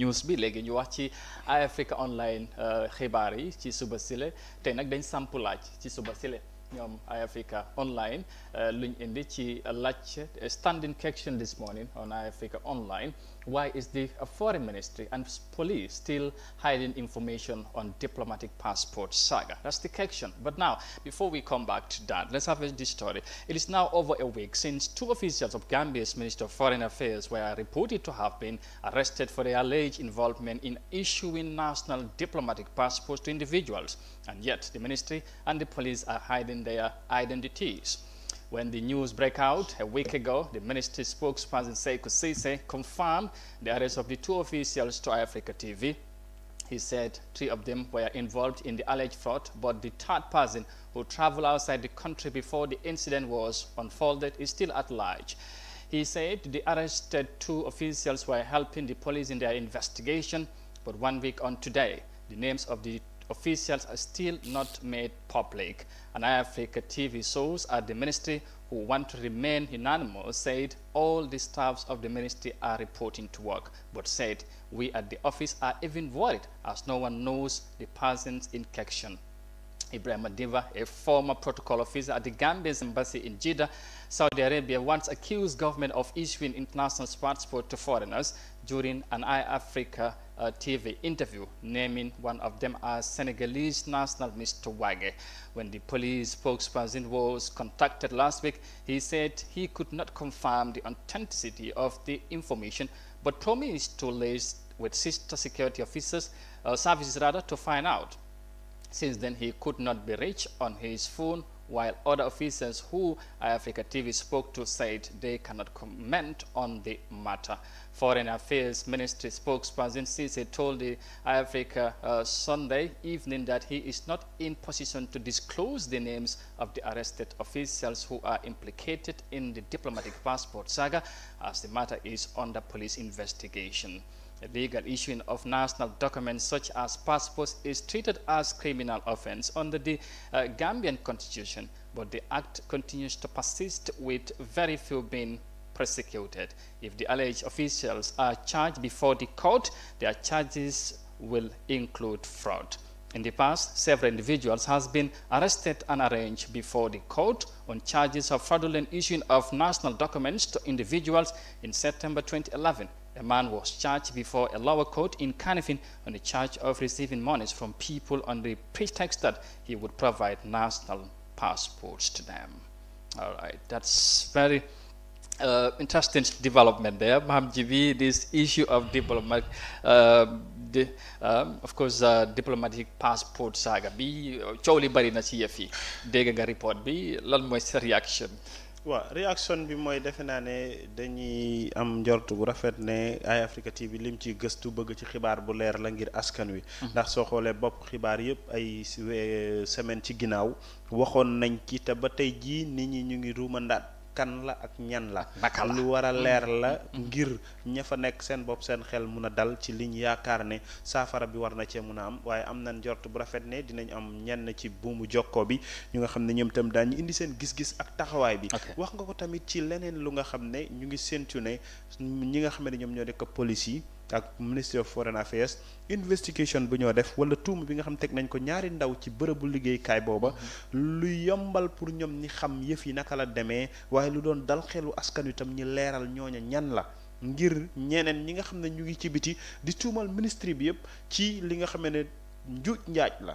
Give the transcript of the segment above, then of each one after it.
news bi léegi ñu wax ci Eye Africa Online euh, xibaar yi ci suba sile tey nag dañ samp laaj ci suba sile ñoom Africa Online euh, luñ indi ci laaj euh, standing question this morning on Africa Online why is the foreign ministry and police still hiding information on diplomatic passport saga that's the question but now before we come back to that let's have this story it is now over a week since two officials of Gambia's Minister of Foreign Affairs were reported to have been arrested for their alleged involvement in issuing national diplomatic passports to individuals and yet the ministry and the police are hiding their identities. When the news broke out a week ago, the ministry spokesperson Seiko Sise confirmed the arrest of the two officials to Africa TV. He said three of them were involved in the alleged fraud, but the third person who traveled outside the country before the incident was unfolded is still at large. He said the arrested two officials were helping the police in their investigation, but one week on today, the names of the officials are still not made public. An Africa TV source at the ministry who want to remain anonymous said all the staffs of the ministry are reporting to work, but said we at the office are even worried as no one knows the person's in question. Ibrahim Madiva, a former protocol officer at the Gambia's embassy in Jeddah, Saudi Arabia, once accused government of issuing international passports to foreigners during an iAfrica uh, TV interview, naming one of them as Senegalese national Mr. Wage. When the police spokesperson was contacted last week, he said he could not confirm the authenticity of the information, but promised to liaise with sister security officers, uh, services rather, to find out. Since then, he could not be reached on his phone, while other officials who Africa TV spoke to said they cannot comment on the matter. Foreign Affairs Ministry spokesperson Sisi told the Africa uh, Sunday evening that he is not in position to disclose the names of the arrested officials who are implicated in the diplomatic passport saga as the matter is under police investigation. The legal issuing of national documents such as passports is treated as criminal offense under the uh, Gambian constitution, but the act continues to persist with very few being prosecuted. If the alleged officials are charged before the court, their charges will include fraud. In the past, several individuals has been arrested and arraigned before the court on charges of fraudulent issuing of national documents to individuals. In September 2011, a man was charged before a lower court in Canifin on the charge of receiving monies from people on the pretext that he would provide national passports to them. All right, that's very uh, interesting development there. Mamjibi, this issue of development. Uh, de um, of course uh, diplomatic passport saaga bi coow li bari na ci fi yi dégg nga report bi lan mooy sa réaction. waaw réaction bi mooy defe naa ne dañuy am njort bu rafet ne Eye Africa TV lim ci gëstu bëgg ci xibaar bu leer la ngir askan wi. Mhm. ndax soo xoolee bopp xibaar yëpp ay semaine ci ginnaaw waxoon nañ ci te ba tey jii nit ñi ñu ngi ruumandaat. kan la ak ñan la lu war a leer mm. la mm. ngir ña fa nekk seen bopp seen xel mun a dal ci liñ yaakaar ne saafara bi war na cee mun a am waaye am na jort bu rafet ne dinañ am ñenn ci buumu jokkoo bi ñu nga xam ne ñoom itam daañu indi seen gis ak taxawaay bi wax nga ko tamit ci leneen lu nga xam ne ñu ngi séntu ne ñi nga xam ne ñoom ñoo nekk police yi ak ministry of foreign affairs investigation bu ñoo def wala tuuma bi nga xam teg nañ ko ñaari ndaw ci bërëbu liggéeykaay booba lu yombal pour ñoom ñi xam yëf yi naka la demee waaye lu doon dal xelu askan itam ñi leeral ñooña ñan la ngir ñeneen ñi nga xam ne ñu ngi ci biti di tuumal ministry bi yëpp ci li nga xame ne njuuj njaaj la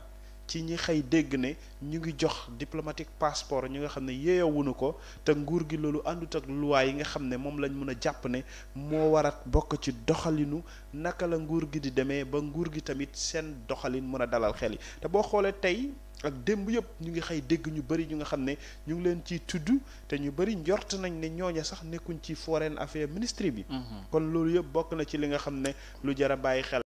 ci ñi xëy dégg ne ñu ngi jox diplomatique passeport ñi nga xam ne yeeyawunu ko te nguur gi loolu àndut ak loi yi nga xam ne moom lañ mën a jàpp ne moo war a bokk ci doxalinu naka la nguur gi di demee ba nguur gi tamit seen doxalin mën a dalal xel yi te boo xoolee tey ak démb yëpp ñu ngi xëy dégg ñu bëri ñu nga xam ne ñu ngi leen ciy tudd te ñu njort nañ ne ñooña sax nekkuñ ci foreign affaires ministry bi mhm. kon loolu yëpp bokk na ci li nga xam ne lu jar a bàyyi xel